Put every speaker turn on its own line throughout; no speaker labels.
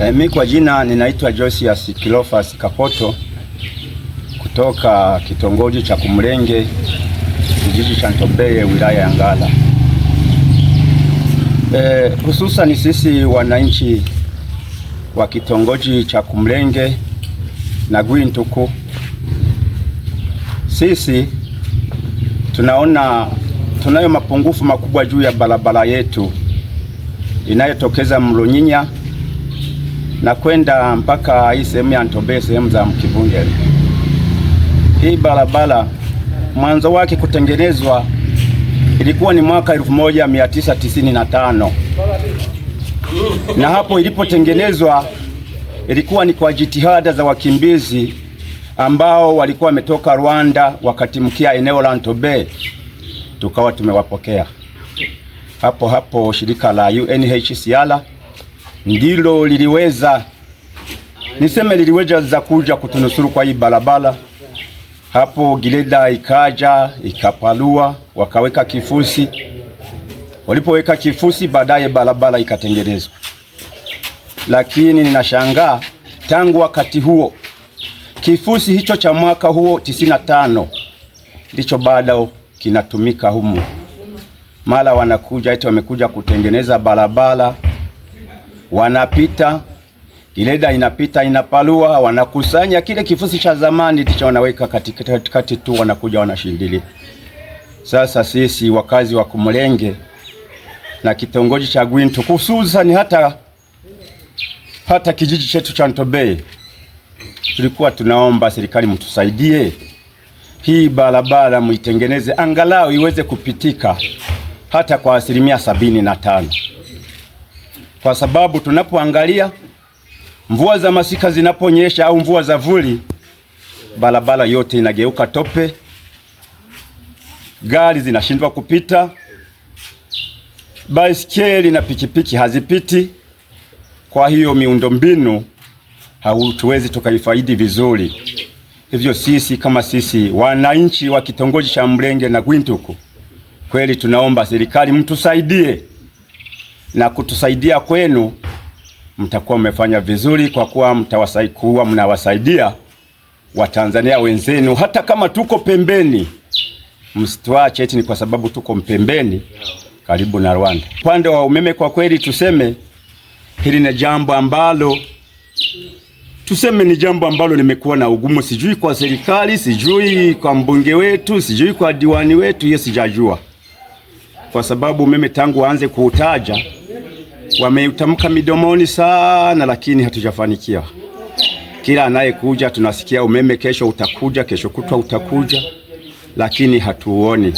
E, mi kwa jina ninaitwa Josias Kilofas Kapoto kutoka kitongoji cha kumlenge kijiji cha Ntobeye wilaya ya Ngara. E, eh, hususan sisi wananchi wa kitongoji cha kumlenge na Gwintuku, sisi tunaona tunayo mapungufu makubwa juu ya barabara yetu inayotokeza Mrunyinya na kwenda mpaka hii sehemu ya Ntobe, sehemu za mkivunge Hii barabara mwanzo wake kutengenezwa ilikuwa ni mwaka 1995 na hapo ilipotengenezwa ilikuwa ni kwa jitihada za wakimbizi ambao walikuwa wametoka Rwanda wakatimkia eneo la Ntobe, tukawa tumewapokea hapo hapo shirika la UNHCR ndilo liliweza niseme liliweza za kuja kutunusuru kwa hii barabara hapo. Gireda ikaja ikapalua, wakaweka kifusi. Walipoweka kifusi, baadaye barabara ikatengenezwa. Lakini ninashangaa tangu wakati huo kifusi hicho cha mwaka huo tisini na tano ndicho bado kinatumika humu. Mara wanakuja eti wamekuja kutengeneza barabara wanapita, kileda inapita inapalua, wanakusanya kile kifusi cha zamani ticha, wanaweka katikati tu, wanakuja wanashindili. Sasa sisi wakazi wa Kumulenge na kitongoji cha Gwintu hususani hata, hata kijiji chetu cha Ntobeye tulikuwa tunaomba serikali mtusaidie, hii barabara muitengeneze angalau iweze kupitika hata kwa asilimia sabini na tano kwa sababu tunapoangalia mvua za masika zinaponyesha au mvua za vuli, barabara yote inageuka tope, gari zinashindwa kupita, baisikeli na pikipiki hazipiti. Kwa hiyo miundombinu hatuwezi tukaifaidi vizuri. Hivyo sisi kama sisi wananchi wa kitongoji cha Mlenge na Gwintuku, kweli tunaomba serikali mtusaidie na kutusaidia kwenu, mtakuwa mmefanya vizuri, kwa kuwa mtawasaidia, mnawasaidia Watanzania wenzenu, hata kama tuko pembeni. Msituache eti ni kwa sababu tuko mpembeni karibu na Rwanda. Upande wa umeme, kwa kweli tuseme hili ni jambo ambalo tuseme ni jambo ambalo limekuwa na ugumu, sijui kwa serikali, sijui kwa mbunge wetu, sijui kwa diwani wetu, hiyo sijajua, kwa sababu umeme tangu waanze kuutaja wameutamka midomoni sana, lakini hatujafanikiwa. Kila anayekuja tunasikia umeme kesho utakuja, kesho kutwa utakuja, lakini hatuoni.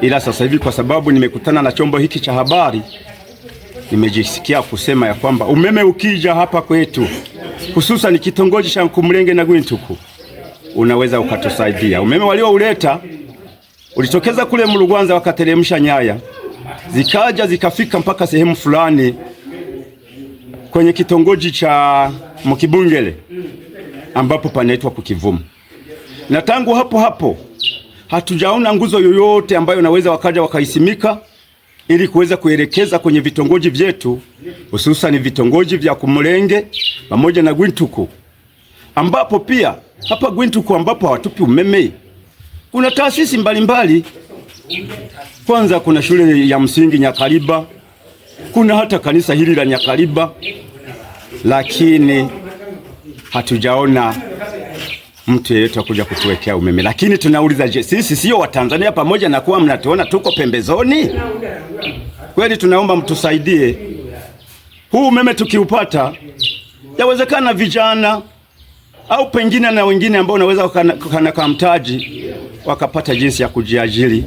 Ila sasa hivi kwa sababu nimekutana na chombo hiki cha habari, nimejisikia kusema ya kwamba umeme ukija hapa kwetu, hususan kitongoji cha Nkumulenge na Gwintuku, unaweza ukatusaidia. Umeme waliouleta ulitokeza kule mrugwanza wakateremsha nyaya zikaja zikafika mpaka sehemu fulani kwenye kitongoji cha Mkibungele ambapo panaitwa Kukivumu, na tangu hapo hapo hatujaona nguzo yoyote ambayo naweza wakaja wakaisimika ili kuweza kuelekeza kwenye vitongoji vyetu hususani vitongoji vya Kumulenge pamoja na Gwintuku, ambapo pia hapa Gwintuku ambapo hawatupi umeme, kuna taasisi mbalimbali kwanza kuna shule ya msingi Nyakaliba, kuna hata kanisa hili la Nyakaliba, lakini hatujaona mtu yeyote akuja kutuwekea umeme. Lakini tunauliza, je, sisi sio Watanzania? Pamoja na kuwa mnatuona tuko pembezoni, kweli tunaomba mtusaidie huu umeme tukiupata, yawezekana vijana au pengine na wengine ambao wanaweza kukana kwa mtaji wakapata jinsi ya kujiajiri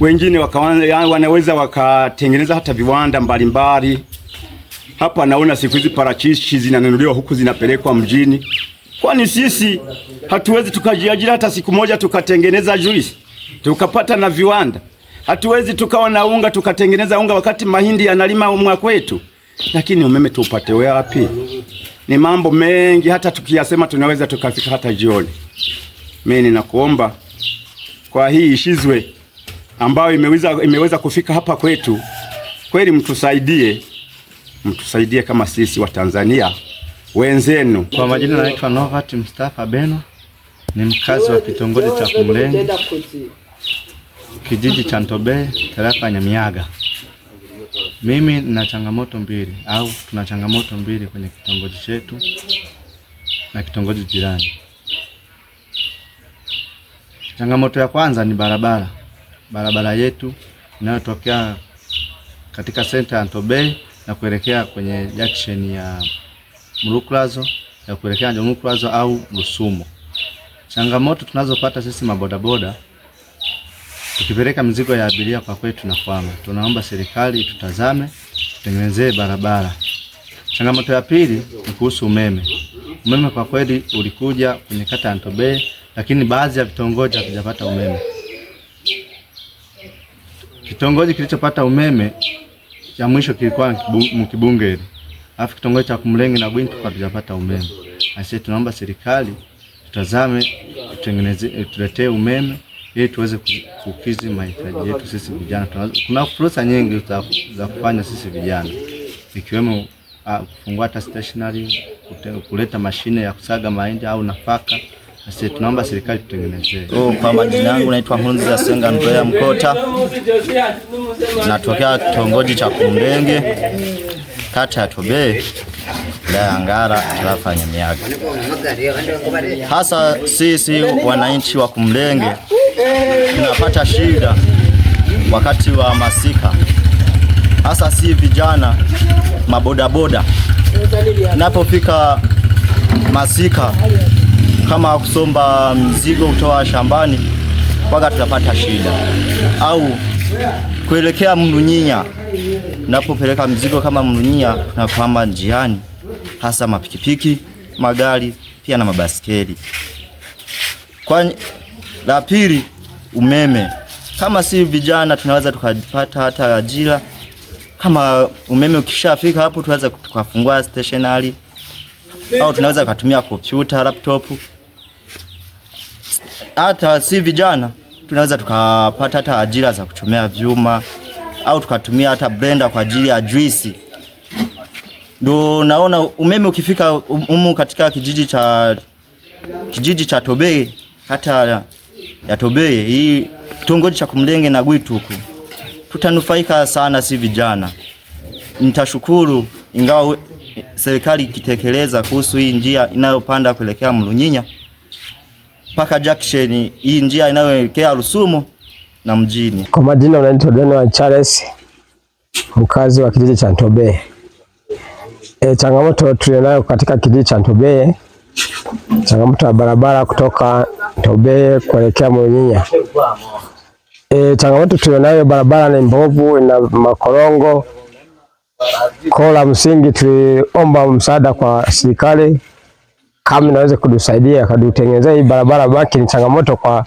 wengine waka, wanaweza wakatengeneza hata viwanda mbalimbali hapa. Naona siku hizi parachichi zinanunuliwa huku zinapelekwa mjini. Kwani sisi hatuwezi tukajiajira hata siku moja tukatengeneza juisi tukapata na viwanda? Hatuwezi tukawa na unga tukatengeneza unga, wakati mahindi yanalima umwa kwetu? lakini umeme tuupate wapi? Ni mambo mengi, hata tukiyasema tunaweza tukafika hata jioni. Mimi ninakuomba kwa hii ishizwe ambayo imeweza, imeweza kufika hapa kwetu. Kweli mtusaidie, mtusaidie kama sisi wa tanzania wenzenu.
Kwa majina naitwa Novat Mustafa Beno, ni mkazi wa kitongoji cha Kumlenge, kijiji cha Ntobe, tarafa Nyamiaga. Mimi nina changamoto mbili au tuna changamoto mbili kwenye kitongoji chetu na kitongoji jirani. Changamoto ya kwanza ni barabara barabara yetu inayotokea katika senta ya Ntobei na kuelekea kwenye junction ya Mruklazo ya kuelekea Mruklazo au Rusumo. Changamoto tunazopata sisi mabodaboda tukipeleka mizigo ya abiria kwa kwetu tunakwama. Tunaomba serikali tutazame, tutengenezee barabara. Changamoto ya pili ni kuhusu umeme. Umeme kwa kweli ulikuja kwenye kata ya Ntobei, lakini baadhi ya vitongoji havijapata umeme. Kitongoji kilichopata umeme cha mwisho kilikuwa Mkibungeri, alafu kitongoji cha Kumlengi na Bwintu hatujapata umeme. Asi tunaomba serikali tutazame, tutengeneze, tuletee umeme ili tuweze kukizi mahitaji yetu sisi vijana. Kuna fursa nyingi za kufanya sisi vijana, ikiwemo kufungua hata stationery, kuleta mashine ya kusaga mahindi au nafaka. Asi tunaomba serikali tutengenezee.
Oh, kwa majina yangu naitwa Hunza Senga Ndoya Mkota. Natokea kitongoji cha Kumbenge, kata ya Tobe, wilaya ya Ngara, tarafa Nyamiaga. Hasa sisi wananchi wa Kumbenge tunapata shida wakati wa masika, hasa si vijana mabodaboda, napofika masika kama kusomba mzigo kutoa shambani mpaka tunapata shida, au kuelekea Mrunyinya napopeleka mzigo kama Mrunyinya, nakwamba njiani hasa mapikipiki, magari pia na mabaskeli. Kwa la pili, umeme. Kama si vijana tunaweza tukapata hata ajira kama umeme ukishafika hapo, tunaweza tukafungua stationary au tunaweza kutumia kompyuta laptop hata si vijana tunaweza tukapata hata ajira za kuchomea vyuma au tukatumia hata blender kwa ajili ya juisi. Ndo naona umeme ukifika humu um-, katika kijiji cha kijiji cha Tobeye hata ya Tobeye hii kitongoji cha Kumlenge na Gwituku tutanufaika sana, si vijana. Nitashukuru ingawa serikali ikitekeleza kuhusu hii njia inayopanda kuelekea mlunyinya mpaka junction hii njia inayoelekea Rusumo na mjini.
Kwa majina unaitwa Donald Charles, mkazi wa kijiji cha Ntobeye. E, changamoto tulionayo katika kijiji cha Ntobeye, changamoto ya barabara kutoka Ntobeye kuelekea Mwenyinya. E, changamoto tulionayo barabara ni mbovu, ina makorongo. kola msingi tuliomba msaada kwa serikali kama inaweza kutusaidia kadutengenezea hii barabara, baki ni changamoto kwa,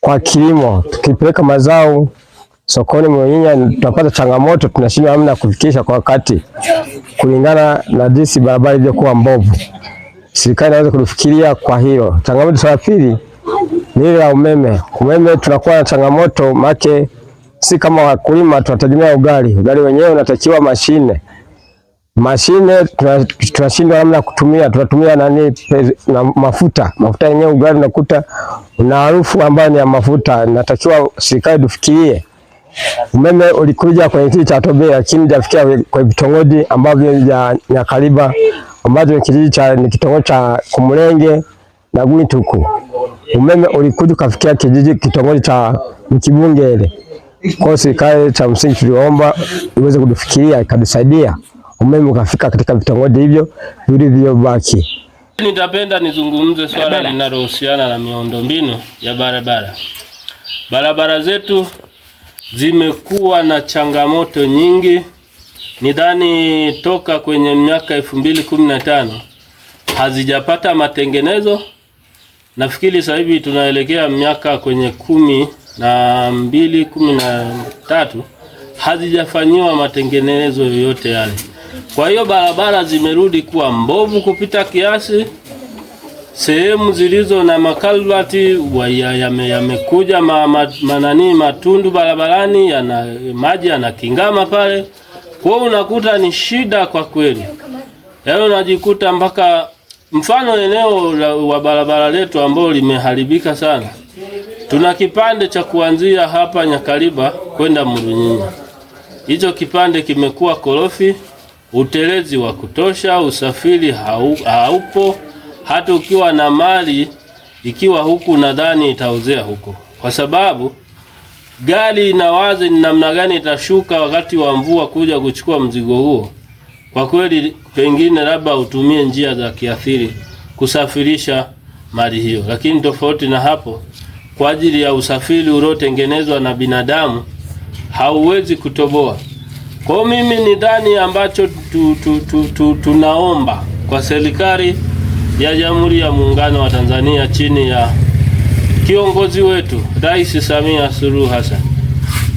kwa kilimo. Tukipeleka mazao sokoni mwenyewe tutapata changamoto, tunashindwa namna kufikisha kwa wakati kulingana na jinsi barabara ilivyokuwa mbovu. Serikali inaweza kulifikiria kwa hilo. Changamoto ya pili ni ile ya umeme. Umeme tunakuwa na changamoto make, si kama wakulima tunategemea ugali. Ugali wenyewe unatakiwa mashine mashine tunashindwa namna kutumia, tunatumia nani na mafuta. Mafuta yenyewe ugali unakuta una harufu ambayo ni ya mafuta. Natakiwa serikali tufikirie. Umeme ulikuja kwenye kijiji cha Tobe, lakini jafikia kwa vitongoji ambavyo vya Nyakaliba ambavyo ni kijiji cha ni kitongoji cha Kumulenge na Gwintuku. Umeme ulikuja ukafikia kijiji kitongoji cha Mkibunge ile Kwa serikali cha msingi tuliomba iweze kutufikiria ikatusaidia umeme ukafika katika vitongoji hivyo vilivyobaki.
Nitapenda nizungumze swala linalohusiana na miundombinu ya barabara. Barabara zetu zimekuwa na changamoto nyingi. Nidhani toka kwenye miaka elfu mbili kumi na tano hazijapata matengenezo. Nafikiri sasa hivi tunaelekea miaka kwenye kumi na mbili kumi na tatu hazijafanyiwa matengenezo yoyote yale. Kwa hiyo barabara zimerudi kuwa mbovu kupita kiasi. Sehemu zilizo na makalvati yamekuja ya ma, ma, manani matundu barabarani, yana maji yanakingama pale, kwa unakuta ni shida kwa kweli. Yaani unajikuta mpaka mfano eneo la, wa barabara letu ambalo limeharibika sana, tuna kipande cha kuanzia hapa Nyakaliba kwenda Murunyinya, hicho kipande kimekuwa korofi utelezi wa kutosha, usafiri haupo. Hata ukiwa na mali ikiwa huku, nadhani itauzea huko, kwa sababu gari inawazi ni namna gani itashuka wakati wa mvua kuja kuchukua mzigo huo. Kwa kweli, pengine labda utumie njia za kiathiri kusafirisha mali hiyo, lakini tofauti na hapo, kwa ajili ya usafiri uliotengenezwa na binadamu hauwezi kutoboa. Kwa hiyo mimi ni dhani ambacho tu, tu, tu, tu, tunaomba kwa serikali ya Jamhuri ya Muungano wa Tanzania chini ya kiongozi wetu Rais Samia Suluhu Hassan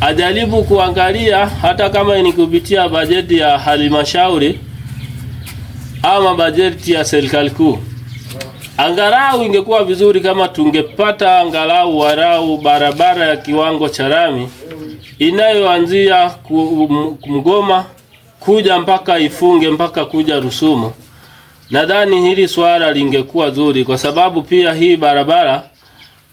ajaribu kuangalia hata kama ni kupitia bajeti ya halmashauri ama bajeti ya serikali kuu, angalau ingekuwa vizuri kama tungepata angalau warau barabara ya kiwango cha rami inayoanzia um, Mgoma kuja mpaka Ifunge mpaka kuja Rusumo. Nadhani hili swala lingekuwa zuri, kwa sababu pia hii barabara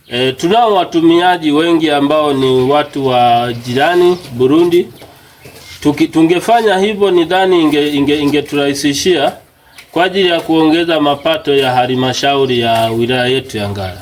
e, tunao watumiaji wengi ambao ni watu wa jirani Burundi. Tuki, tungefanya hivyo nidhani ingeturahisishia inge, inge kwa ajili ya kuongeza mapato ya halmashauri ya wilaya yetu ya Ngara.